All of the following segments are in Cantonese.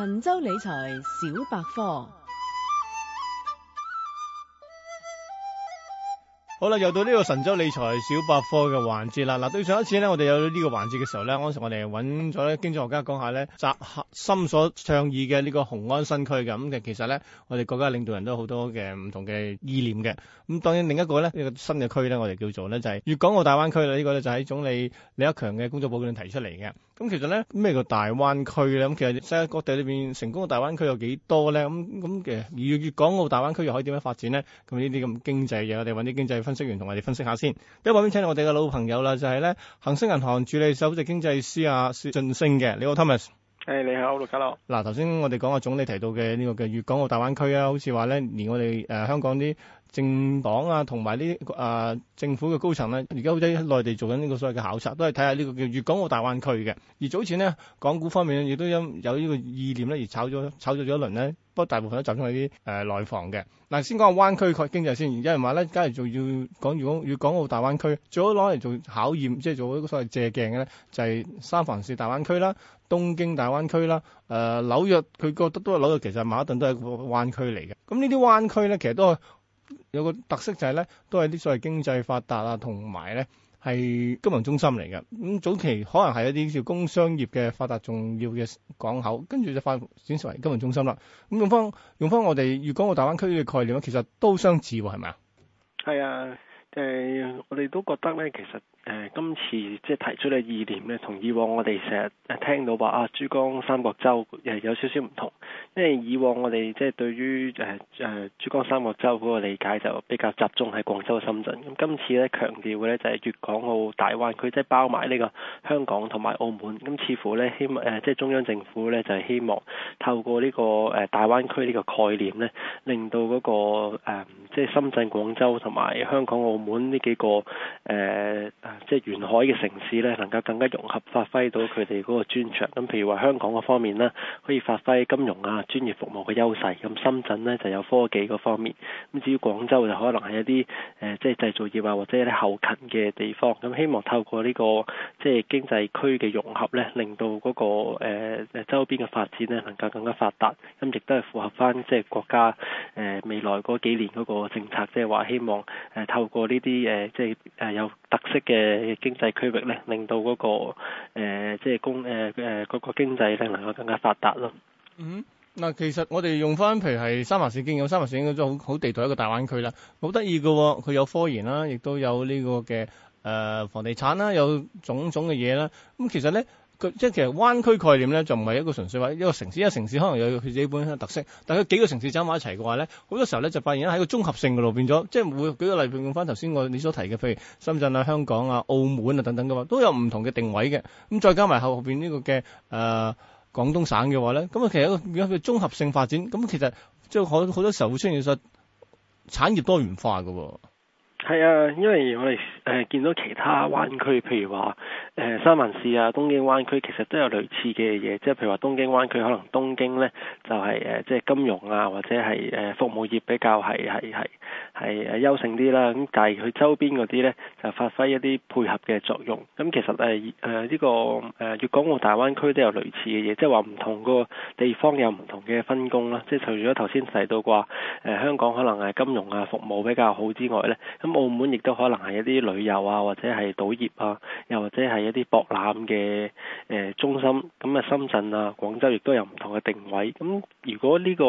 神州理財小百科。好啦，又到呢個神州理財小百科嘅環節啦。嗱，對上一次呢，我哋有呢個環節嘅時候呢，當時我哋揾咗咧經濟學家講下呢，集合心所倡議嘅呢個雄安新區嘅。咁嘅其實呢，我哋國家領導人都有好多嘅唔同嘅意念嘅。咁當然另一個呢，呢個新嘅區呢，我哋叫做呢，就係粵港澳大灣區啦。呢個呢，就喺總理李克強嘅工作報告裏提出嚟嘅。咁其實咧咩叫大灣區咧？咁其實世界各地裏邊成功嘅大灣區有幾多咧？咁咁其實而粵港澳大灣區又可以點樣發展咧？咁呢啲咁經濟嘅，我哋揾啲經濟分析員同我哋分析下先。第一位先請到我哋嘅老朋友啦，就係、是、咧恒生銀行署理首席經濟師阿薛俊昇嘅，你好，Thomas。誒，你好，陸家樂。嗱、hey，頭先我哋講阿總理提到嘅呢個嘅粵港澳大灣區啊，好似話咧，連我哋誒、呃、香港啲。政黨啊，同埋呢啊政府嘅高層咧，而家好似喺內地做緊呢個所謂嘅考察，都係睇下呢個叫粵港澳大灣區嘅。而早前呢，港股方面亦都有呢個意念咧，而炒咗炒咗咗一輪咧，不過大部分都集中喺啲誒內房嘅。嗱，先講下灣區經濟先。而家有人話咧，假如仲要講粵粵港澳大灣區，最好攞嚟做考驗，即係做一個所謂借鏡嘅咧，就係、是、三藩市大灣區啦、東京大灣區啦、誒、呃、紐約，佢覺得都係紐約其實曼哈頓都係個灣區嚟嘅。咁呢啲灣區咧，其實都係。有個特色就係咧，都係啲所謂經濟發達啊，同埋咧係金融中心嚟嘅。咁、嗯、早期可能係一啲叫工商業嘅發達重要嘅港口，跟住就發展成為金融中心啦。咁、嗯、用翻用翻我哋粵港澳大灣區嘅概念咧，其實都相似喎，係咪啊？係啊。誒、呃，我哋都覺得呢，其實誒、呃、今次即係提出嘅意念呢，同以往我哋成日聽到話啊珠江三角洲誒、呃、有少少唔同，因為以往我哋即係對於誒誒珠江三角洲嗰個理解就比較集中喺廣州、深圳。咁今次呢，強調嘅呢就係粵港澳大灣區，即係包埋呢個香港同埋澳門。咁、嗯、似乎呢，希望誒、呃，即係中央政府呢，就係希望透過呢、這個誒、呃、大灣區呢個概念呢，令到嗰、那個、呃呃即係深圳、廣州同埋香港、澳門呢幾個誒、呃、即係沿海嘅城市咧，能夠更加融合發揮到佢哋嗰個專長。咁譬如話香港嗰方面啦，可以發揮金融啊、專業服務嘅優勢，咁深圳咧就有科技嗰方面。咁至於廣州就可能係一啲誒、呃、即係製造業啊，或者一啲後勤嘅地方。咁希望透過呢、這個即係經濟區嘅融合咧，令到嗰、那個誒誒、呃、周邊嘅發展咧能夠更加發達，咁亦都係符合翻即係國家誒、呃、未來嗰幾年嗰、那個。個政策即係話希望誒透過呢啲誒即係誒有特色嘅經濟區域咧，令到嗰個誒即係工誒誒嗰個經濟咧能夠更加發達咯。嗯，嗱其實我哋用翻譬如係三藩市經濟，三藩市應該都好好地道一個大灣區啦。好得意嘅，佢有科研啦，亦都有呢個嘅誒房地產啦，有種種嘅嘢啦。咁其實咧。即係其實灣區概念咧，就唔係一個純粹話一個城市，一個城市可能有佢自己本身特色，但係佢幾個城市走埋一齊嘅話咧，好多時候咧就發現喺一個綜合性嘅路變咗，即係每舉個例，用翻頭先我你所提嘅，譬如深圳啊、香港啊、澳門啊等等嘅話，都有唔同嘅定位嘅。咁再加埋後邊呢個嘅誒廣東省嘅話咧，咁啊其實一個而家佢綜合性發展，咁其實即係好多時候會出現實產業多元化㗎喎。係啊，因為我哋誒見到其他灣區，譬如話誒三藩市啊、東京灣區，其實都有類似嘅嘢，即係譬如話東京灣區可能東京呢就係誒即係金融啊或者係誒服務業比較係係係係誒優勝啲啦，咁但係佢周邊嗰啲呢，就發揮一啲配合嘅作用。咁其實誒誒呢個誒粵港澳大灣區都有類似嘅嘢，即係話唔同個地方有唔同嘅分工啦。即係除咗頭先提到話誒香港可能係金融啊，服務比較好之外呢。澳門亦都可能係一啲旅遊啊，或者係賭業啊，又或者係一啲博覽嘅誒、呃、中心。咁啊，深圳啊，廣州亦都有唔同嘅定位。咁如果呢、呢個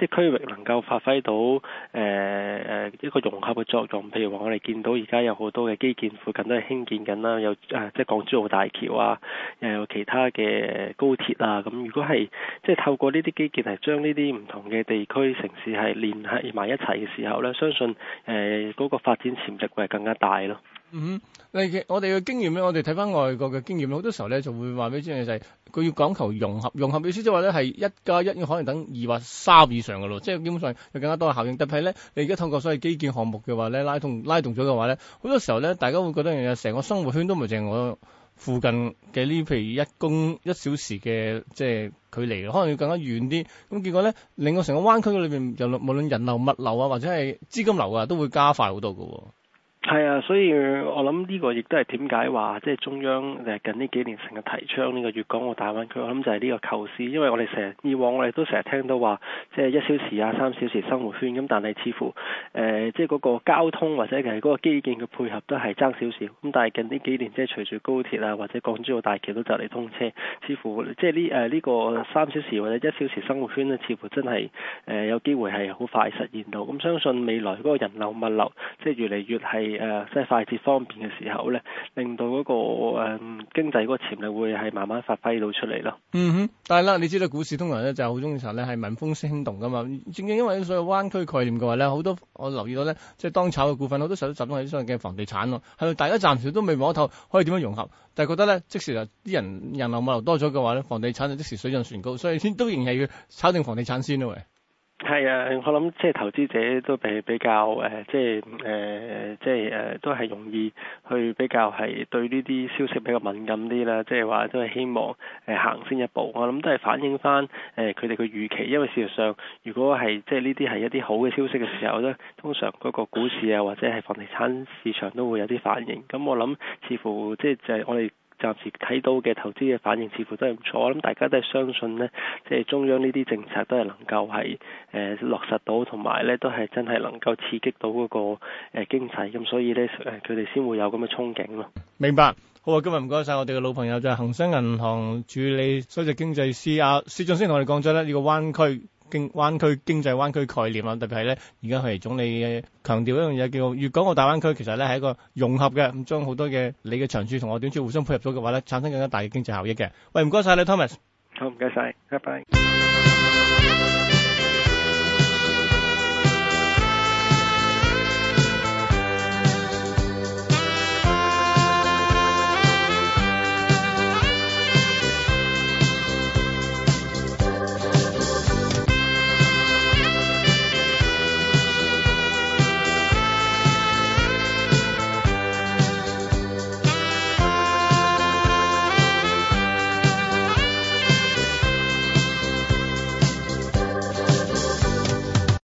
即係區域能夠發揮到誒誒、呃、一個融合嘅作用，譬如話我哋見到而家有好多嘅基建，附近都係興建緊啦，有誒即係港珠澳大橋啊，又有其他嘅高鐵啊。咁如果係即係透過呢啲基建係將呢啲唔同嘅地區城市係連係埋一齊嘅時候呢，相信誒嗰、呃嗰個發發展潛力會係更加大咯。嗯，你我哋嘅經驗咧，我哋睇翻外國嘅經驗，好多時候咧就會話俾你知嘅就係，佢要講求融合，融合嘅意思即係話咧係一加一要可能等二或三以上嘅咯，即係基本上有更加多嘅效應。但係咧，你而家透過所謂基建項目嘅話咧拉動，拉動咗嘅話咧，好多時候咧大家會覺得嘅嘢，成個生活圈都唔係淨係我。附近嘅呢，譬如一公一小時嘅，即係距離可能要更加遠啲。咁結果咧，令到成個灣區裏邊，邊，無論人流、物流啊，或者係資金流啊，都會加快好多噶、哦。係啊，所以我諗呢個亦都係點解話即係中央誒近呢幾年成日提倡呢個粵港澳大灣區，我諗就係呢個構思。因為我哋成日以往我哋都成日聽到話即係一小時啊三小時生活圈，咁但係似乎誒即係嗰個交通或者係嗰個基建嘅配合都係爭少少。咁但係近呢幾年即係隨住高鐵啊或者港珠澳大橋都就嚟通車，似乎即係呢誒呢個三小時或者一小時生活圈咧，似乎真係誒有機會係好快實現到。咁相信未來嗰個人流物流即係越嚟越係。誒、呃，即係快捷方便嘅時候咧，令到嗰、那個誒、嗯、經濟嗰個潛力會係慢慢發揮到出嚟咯。嗯哼，但係咧，你知道股市通常咧就好中意炒咧係聞風先動噶嘛。正正因為啲所謂灣區概念嘅話咧，好多我留意到咧，即、就、係、是、當炒嘅股份，好多時候都集中喺啲所謂嘅房地產咯。係咪大家暫時都未摸透可以點樣融合？但係覺得咧即時就啲人人流物流多咗嘅話咧，房地產就即時水漲船高，所以先都仍然要炒定房地產先咯。喂係啊，我諗即係投資者都比比較誒、呃，即係誒、呃，即係誒，都係容易去比較係對呢啲消息比較敏感啲啦。即係話都係希望誒、呃、行先一步。我諗都係反映翻誒佢哋嘅預期，因為事實上如果係即係呢啲係一啲好嘅消息嘅時候咧，通常嗰個股市啊或者係房地產市場都會有啲反應。咁我諗似乎即係就係我哋暫時睇到嘅投資嘅反應似乎都係唔錯，我諗大家都係相信呢，即係中央呢啲政策都係能夠係誒、呃、落實到，同埋呢都係真係能夠刺激到嗰、那個誒、呃、經濟，咁所以呢，誒佢哋先會有咁嘅憧憬咯。明白，好啊，今日唔該晒我哋嘅老朋友就係恒生銀行署理首席經濟師阿薛俊昇先同我哋講咗呢呢個灣區。經灣區經濟灣區概念啊，特別係咧，而家係總理強調一樣嘢，叫粵港澳大灣區，其實咧係一個融合嘅，咁將好多嘅你嘅長處同我短處互相配合咗嘅話咧，產生更加大嘅經濟效益嘅。喂，唔該晒你，Thomas。好，唔該晒，拜拜。